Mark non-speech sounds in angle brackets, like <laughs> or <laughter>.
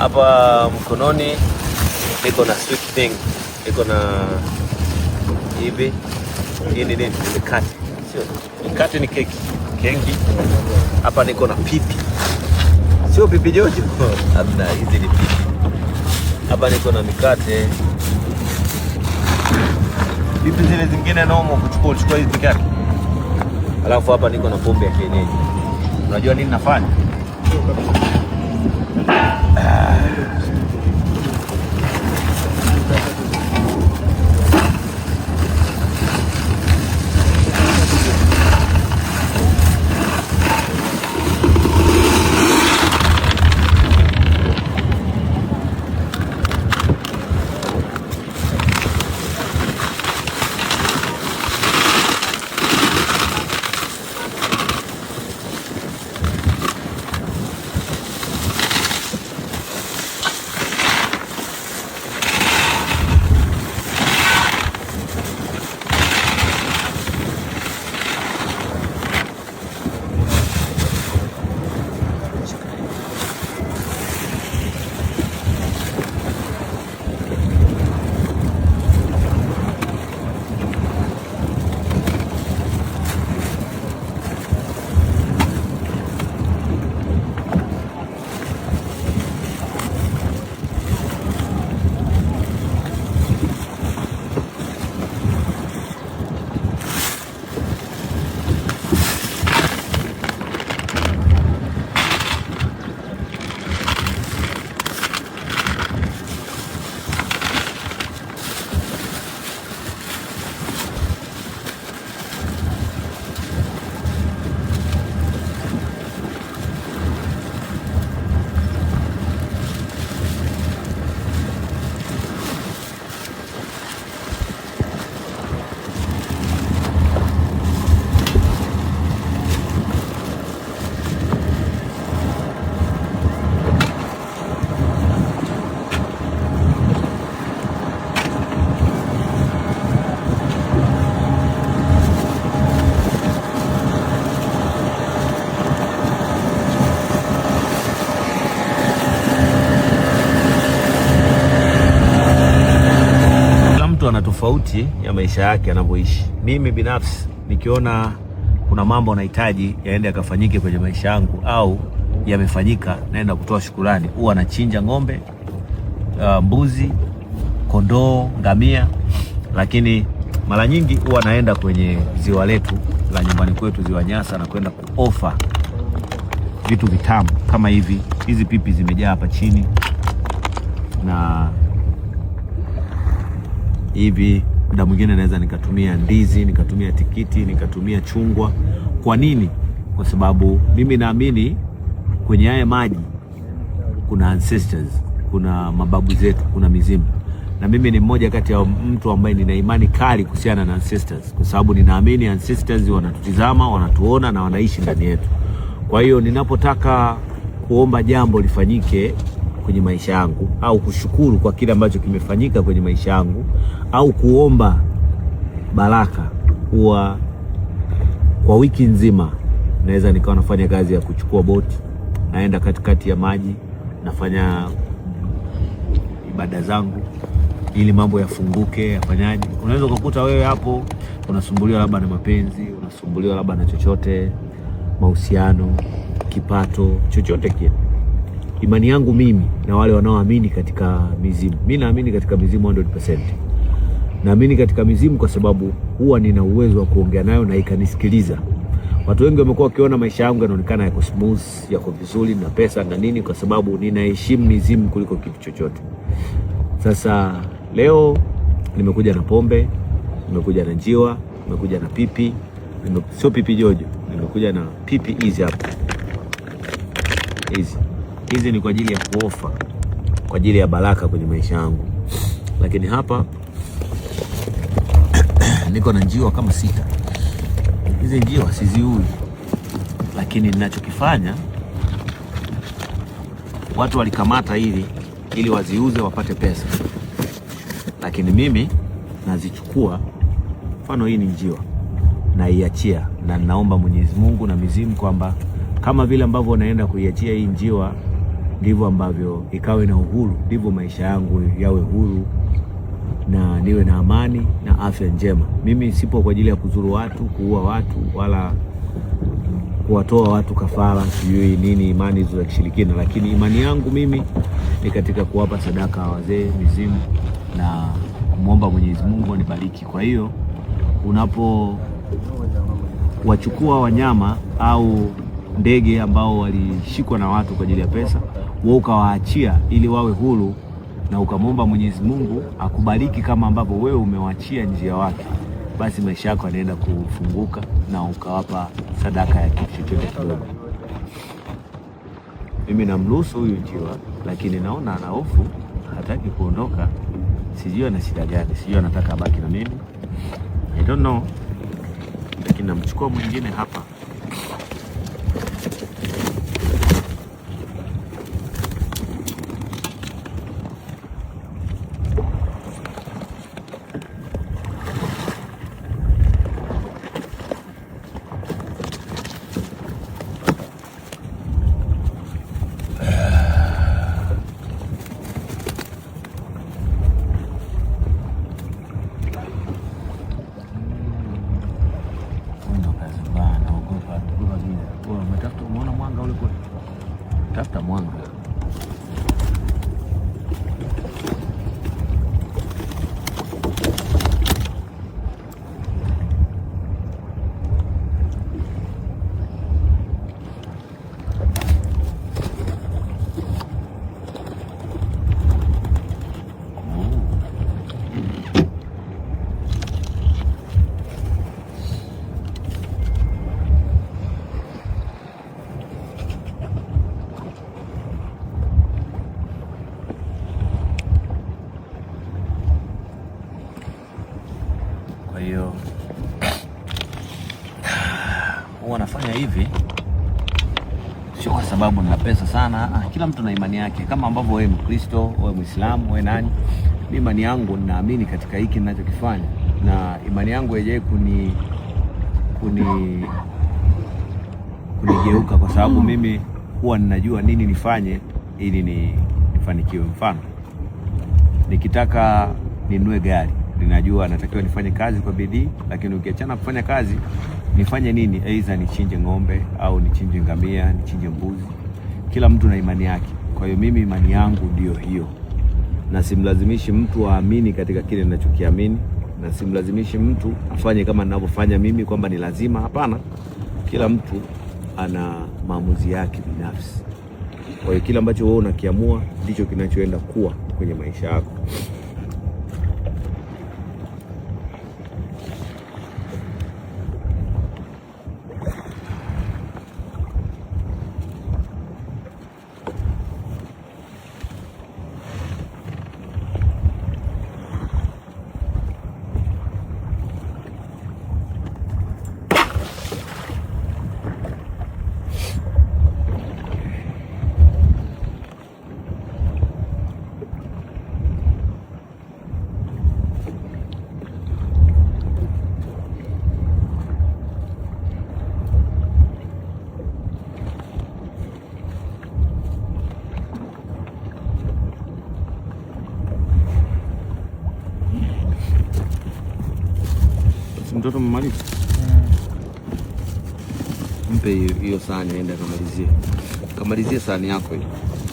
Hapa mkononi niko na sweet thing, niko na hivi. Hii ni nini? Mikate, sio mikate, ni keki, kengi. Hapa niko na pipi, sio pipi jojo, <laughs> hamna, hizi ni pipi. Hapa niko na mikate, pipi zile zingine nomo, kuchukua uchukua hizi mikate. Alafu hapa niko na pombe ya kienyeji. Unajua nini nafanya? tofauti ya maisha yake yanavyoishi. Mimi binafsi nikiona kuna mambo nahitaji yaende yakafanyike kwenye maisha yangu au yamefanyika, naenda kutoa shukurani. Huwa anachinja ng'ombe, uh, mbuzi, kondoo, ngamia, lakini mara nyingi huwa anaenda kwenye ziwa letu la nyumbani kwetu, ziwa Nyasa, na kwenda kuofa vitu vitamu kama hivi. Hizi pipi zimejaa hapa chini na hivi, muda mwingine naweza nikatumia ndizi, nikatumia tikiti, nikatumia chungwa. Kwa nini? Kwa sababu mimi naamini kwenye haya maji kuna ancestors, kuna mababu zetu, kuna mizimu, na mimi ni mmoja kati ya mtu ambaye nina imani kali kuhusiana na ancestors, kwa sababu ninaamini ancestors wanatutizama, wanatuona na wanaishi ndani yetu. Kwa hiyo ninapotaka kuomba jambo lifanyike kwenye maisha yangu au kushukuru kwa kile ambacho kimefanyika kwenye maisha yangu au kuomba baraka kuwa kwa wiki nzima naweza nikawa nafanya kazi ya kuchukua boti, naenda katikati ya maji, nafanya ibada zangu ili mambo yafunguke, yafanyaje. Unaweza ukakuta wewe hapo unasumbuliwa labda na mapenzi, unasumbuliwa labda na chochote, mahusiano, kipato, chochote kile imani yangu mimi na wale wanaoamini katika mizimu. Mi naamini katika mizimu 100%. Naamini katika mizimu kwa sababu huwa nina uwezo wa kuongea nayo na ikanisikiliza. Watu wengi wamekuwa wakiona maisha yangu yanaonekana yako smooth, yako vizuri na pesa na nini, kwa sababu ninaheshimu mizimu kuliko kitu chochote. Sasa leo nimekuja na pombe, nimekuja na njiwa, nimekuja na pipi, sio pipi jojo, nimekuja na pipi hizi hapa hizi hizi ni kwa ajili ya kuofa, kwa ajili ya baraka kwenye maisha yangu, lakini hapa <clears throat> niko na njiwa kama sita. Hizi njiwa siziui, lakini ninachokifanya watu walikamata hivi ili waziuze wapate pesa, lakini mimi nazichukua. Mfano, hii ni njiwa naiachia, na ninaomba Mwenyezi Mungu na mizimu kwamba kama vile ambavyo unaenda kuiachia hii njiwa ndivyo ambavyo ikawe na uhuru, ndivyo maisha yangu yawe huru na niwe na amani na afya njema. Mimi sipo kwa ajili ya kuzuru watu, kuua watu, wala kuwatoa watu kafara, sijui nini, imani hizo za kishirikina, lakini imani yangu mimi ni katika kuwapa sadaka wazee, mizimu na kumwomba Mwenyezi Mungu anibariki. Kwa hiyo unapo wachukua wanyama au ndege ambao walishikwa na watu kwa ajili ya pesa wewe ukawaachia ili wawe huru na ukamwomba Mwenyezi Mungu akubariki kama ambavyo wewe umewaachia njia wake, basi maisha yako yanaenda kufunguka na ukawapa sadaka ya kitu chochote kidogo. Mimi namruhusu huyu njiwa, lakini naona ana hofu, hataki kuondoka. Sijui ana shida gani, sijui anataka abaki na mimi, I don't know, lakini namchukua mwingine hapa. Tafuta mwanga. hivi sio kwa sababu nina pesa sana. Ah, kila mtu na imani yake, kama ambavyo wewe Mkristo, wewe Muislamu, wewe nani. Mimi imani yangu ninaamini katika hiki ninachokifanya, na imani yangu haijawahi kuni kuni kunigeuka, kwa sababu hmm. mimi huwa ninajua nini nifanye ili nifanikiwe. Mfano, nikitaka ninunue gari ninajua natakiwa nifanye kazi kwa bidii, lakini ukiachana kufanya kazi, nifanye nini? Aidha nichinje ng'ombe au nichinje ngamia, nichinje mbuzi. Kila mtu na imani yake. Kwa hiyo mimi imani yangu ndiyo hiyo, na simlazimishi mtu aamini katika kile ninachokiamini, na simlazimishi mtu afanye kama ninavyofanya mimi kwamba ni lazima. Hapana, kila mtu ana maamuzi yake binafsi. Kwa hiyo kile ambacho wewe unakiamua ndicho kinachoenda kuwa kwenye maisha yako. mtoto mmaliza, mpe hiyo sahani, aende akamalizie, kamalizie sahani yako hiyo.